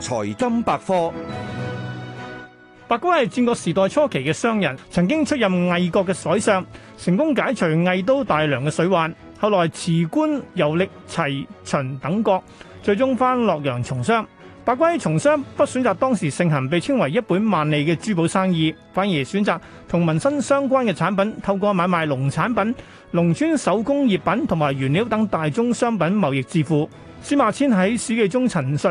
財金百科，白圭係戰國時代初期嘅商人，曾經出任魏國嘅宰相，成功解除魏都大梁嘅水患。後來辭官遊歷齊、秦等國，最終翻洛陽從商。白圭從商不選擇當時盛行被稱為一本萬利嘅珠寶生意，反而選擇同民生相關嘅產品，透過買賣農產品、農村手工業品同埋原料等大宗商品貿易致富。司馬遷喺史記中陳述。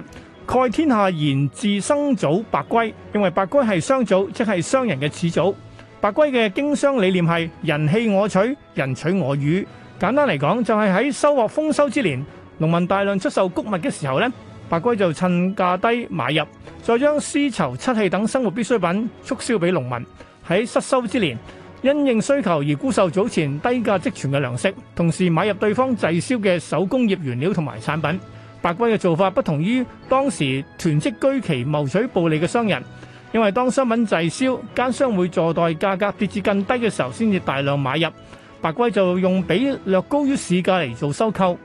蓋天下言自商祖白圭，認為白圭係商祖，即係商人嘅始祖。白圭嘅經商理念係人棄我取，人取我予。簡單嚟講，就係、是、喺收穫豐收之年，農民大量出售穀物嘅時候呢，白圭就趁價低買入，再將絲綢、漆器等生活必需品促銷俾農民。喺失收之年，因應需求而沽售早前低價積存嘅糧食，同時買入對方滯銷嘅手工業原料同埋產品。白圭嘅做法不同於當時囤積居奇謀取暴利嘅商人，因為當商品滯銷，奸商會坐待價格跌至更低嘅時候，先至大量買入。白圭就用比略高於市價嚟做收購。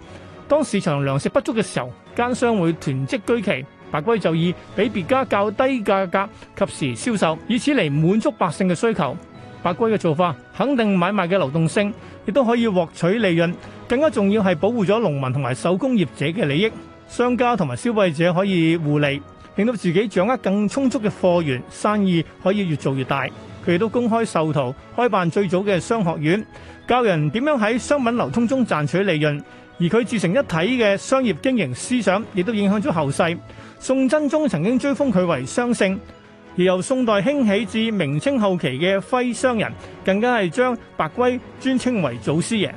當市場糧食不足嘅時候，奸商會囤積居奇，白圭就以比別家較低價格及時銷售，以此嚟滿足百姓嘅需求。白圭嘅做法肯定買賣嘅流動性，亦都可以獲取利潤。更加重要係保護咗農民同埋手工業者嘅利益。商家同埋消費者可以互利，令到自己掌握更充足嘅貨源，生意可以越做越大。佢亦都公開授徒，開辦最早嘅商學院，教人點樣喺商品流通中賺取利潤。而佢自成一體嘅商業經營思想，亦都影響咗後世。宋真宗曾經追封佢為商聖，而由宋代興起至明清後期嘅徽商人，更加係將白圭尊稱為祖師爺。